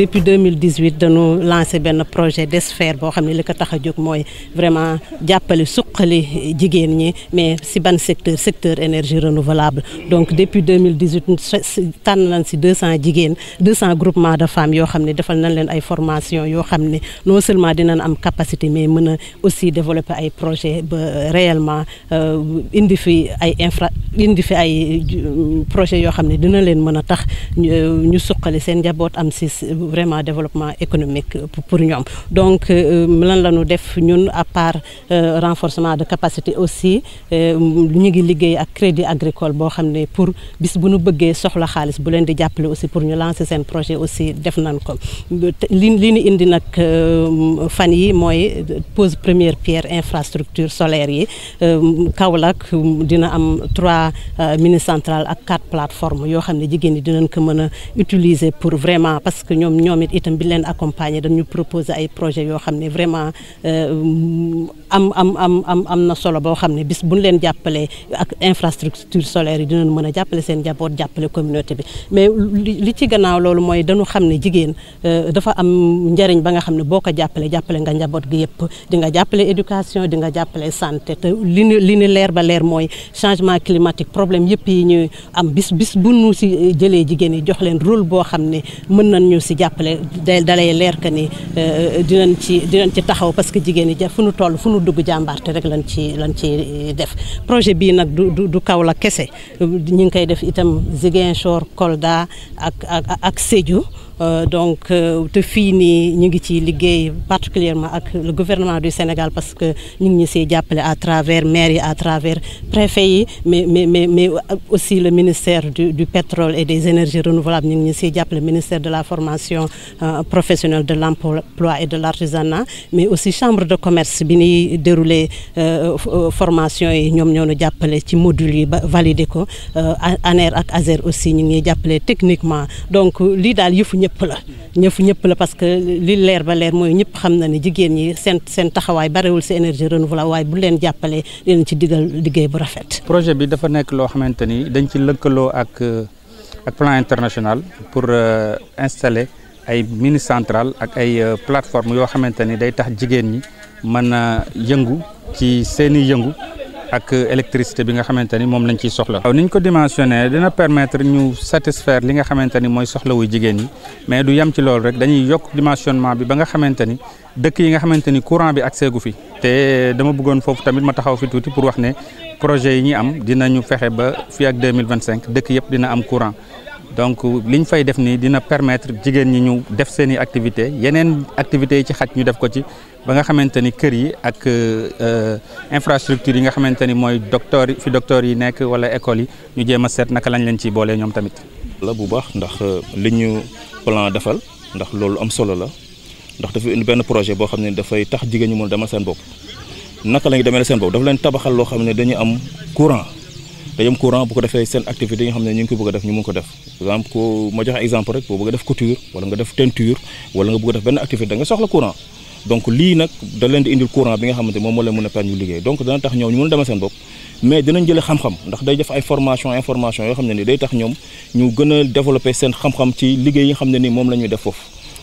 depuis 2018 dañu lancé benn projet d'esphère boo xam ne li ko tax a vraiment jàppale suqali jigen ñi mais ci ban secteur secteur énergie renouvelable donc depuis 2018 tan nañ ci 200 jigen 200 groupements de femmes yo xamni defal nañ leen ay formation yo xamni non seulement dinañ am capacité mais mën aussi développer ay projet ba réellement euh, indi fi ay infra indi fi ay euh, projet yo xamni dina leen mën tax euh, ñu suqali seen njaboot am si vraiment développement économique pour nous. donc euh, lan la ñu def ñun à part euh, renforcement de capacité aussi nous euh, ngi liggéey ak crédit agricole bo xamné pour bis bu ñu soxla xaalis bu leen di aussi pour ñu lancer un projet aussi def nañ ko li ñu indi nag fan yi moy pose première pierre infrastructure solaire yi Kaolack dina am trois mini centrales ak quatre plateformes yo xamné jigéen dinañ ko mëna utiliser pour vraiment parce que ñom ñoom it itam bi leen accompagner dañu proposer ay projet yoo xam ne vraiment euh, am am am am na solo boo xam ne bis buñ leen jàppalee ak infrastructure solaire yi dinañ mën a jàppale seen njaboot jàppale communauté bi mais li ci gannaaw loolu mooy dañu xam ne jigéen euh, dafa am njariñ ba nga xam ne boo ko jàppale jàppale nga njaboot gi yëpp di nga jàppale éducation di nga jàppale santé te li ni li leer ba leer mooy changement climatique problème yëpp yi ñuy am bis bis si jëlee jigéen yi jox boo jàppale dalay leer que ni euh, dinañ ci dinañ ci taxaw parce que jigéen ñi fu nu toll fu nu dugg jàmbaarte rek lañ ci lañ ci def projet bii nag du du du Kaolack kese ñu ngi koy def itam Ziguinchor Kolda ak ak ak Sédhiou Euh, donc euh, te fini ñu particulièrement ak le gouvernement du Sénégal parce que nous ñi ñu à travers maire à travers préfet mais mais mais aussi le ministère du pétrole et des énergies renouvelables le ministère de la formation euh, professionnelle de l'emploi et de l'artisanat mais aussi chambre de commerce bi déroulé dérouler formation yi nous nous ci module yi ko ANER ak aussi nous ñi techniquement donc li ñëpp la ñëpp la parce que li leer ba leer moy ñëpp xam na ne jigéen ñi sen taxaway bari barewul si énergie renouvelable way bu len jappalé len ci digal liggéey bu rafet. projet bi dafa nek lo xamanteni dañ ci lëkkaloo ak ak plan international pour euh, installer ay mini centrale ak ay euh, plateforme yo xamanteni day tax jigen ñi mëna yëngu ci seeni yëngu ak électricité bi nga xamante ni moom lañ ciy soxla. waaw ni ñu ko dimensionné dina permettre ñu satisfaire li nga xamante ni mooy wu jigéen yi mais du yam ci loolu rek dañuy yokk dimensionnement bi ba nga xamante ni dëkk yi nga xamante ni courant bi accès gu fi te dama bëggoon foofu tamit ma taxaw fi tuuti pour wax ne projet yi ñi am dinañu fexe ba fii ak 2025 dëkk yëpp dina am courant donc liñ fay def ni dina permettre jigen ñi ñu def seen activité yenen activité ci xat ñu def ko ci ba nga xamanteni kër yi ak euh infrastructure yi nga xamanteni moy docteur fi docteur yi nek wala école yi ñu jéem set naka lañ leen ci bolé ñom tamit la bu baax ndax euh, liñu plan defal ndax loolu am solo la ndax dafa indi benn projet boo xam ne dafay tax jigéen ñi mën demal seen bopp naka la ñu demee seen bopp dafa leen tabaxal loo xam ne dañu am courant dañu courant bu ko defee seen activité yi nga xam ne ñu ngi koy bëgg a def ñu mën ko def exemple ko ma jox exemple rek boo bëgg a def couture wala nga def teinture wala nga bëgg a def benn activité da nga soxla courant donc lii nag da leen di indil courant bi nga xamante moom moo leen mën a permis liggéey donc dana tax ñoom ñu mën a demee seen bopp mais dinañ jëlee xam-xam ndax day def ay formation information yoo xam ni day tax ñoom ñu gën développer seen xam-xam ci liggéey yi nga ni moom la def foofu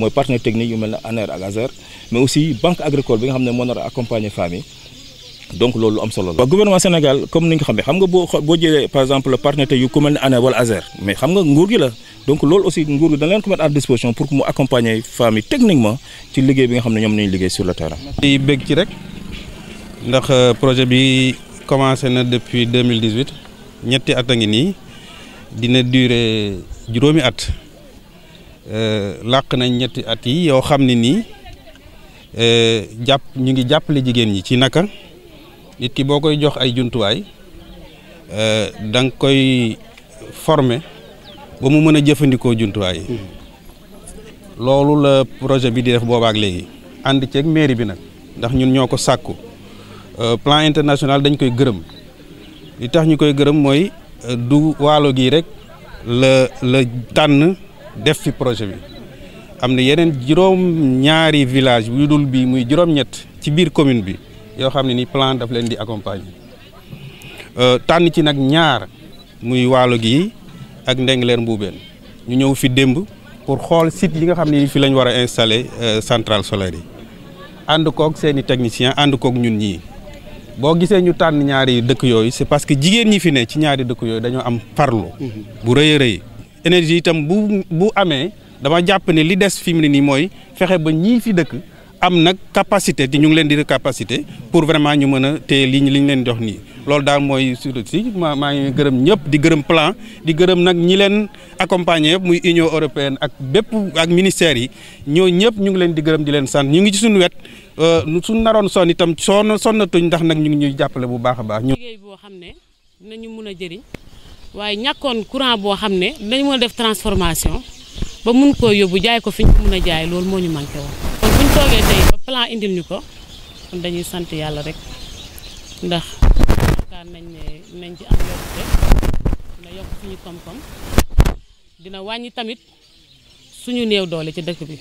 mooy partenaire technique yu mel ne ANER ak mais aussi banque agricole bi nga xam ne moo nar a accompagner femmes yi donc loolu am solo la. gouvernement Sénégal comme ni nga xamee xam nga boo boo jëlee par exemple partenaire yu ku mel ne ANER wala mais xam nga nguur gi la donc loolu aussi nguur gi dañ leen ko mettre à disposition pour que mu accompagner femmes yi techniquement ci liggéey bi nga xam ne ñoom nañu liggéey sur le terrain. di bëgg ci rek ndax euh, projet bi commencé na depuis 2018 ñetti at a ngi nii dina durer juróomi at. Euh, làq nañ ñetti at yi yoo xam ne nii euh, jàpp ñu ngi jàppale jigéen ñi ci naka nit ki boo koy jox ay jumtuwaay euh, da nga koy former ba mu mën a jëfandikoo jumtuwaay yi hmm. loolu la projet bi di def boobaak léegi ànd ceeg mairie bi nag ndax ñun ñoo ko sàkku plan international dañ koy gërëm li tax ñu koy gërëm mooy du waalo gii rek la la tànn def fi projet bi am na yeneen juróom-ñaari village yu dul bii muy juróom-ñett ci biir commune bi yoo xam ne ni plan daf leen di accompagner euh, tànn ci nag ñaar muy waalo gi ak Ndengler Mbuubeen ñu ñëw fi démb pour xool site yi nga xam ne fi lañ war a installer euh, centrale solaire yi ànd kook seen i technicien ànd koog ñun ñii boo gisee ñu tànn ñaari dëkk yooyu c'est parce que jigéen ñi fi ne ci ñaari dëkk yooyu dañoo am parlo mm-hmm. bu rëy a rëy énergie itam bu bu amee dama jàpp ne li des fi mu ne nii mooy fexe ba ñii fi dëkk am nag capacité te ñu ngi leen di capacité pour vraiment ñu mën a téye li ñu li leen jox nii loolu daal mooy surtout si maa maa ngi gërëm ñëpp di gërëm plan di gërëm nag ñi leen accompagner muy Union européenne ak bépp ak ministères yi ñoo ñëpp ñu ngi leen di gërëm di leen sant ñu ngi ci suñu wet euh, su naroon son itam sonn sonnatuñ ndax nag ñu ngi ñuy jàppale bu baax a baax. liggéey boo xam ne dinañu mën a jëriñ. waaye ñàkkoon courant boo xam ne dañu mën a def transformation ba mun koo yóbbu jaay ko fi ñu mën a jaay loolu moo ñu manqué woon. kon bu ñu toogee tey plan indil ñu ko dañuy sant yàlla rek ndax yaakaar nañ ne nañ ci am yokkute dina yokk suñu koom-koom dina wàññi tamit suñu néew doole ci dëkk bi.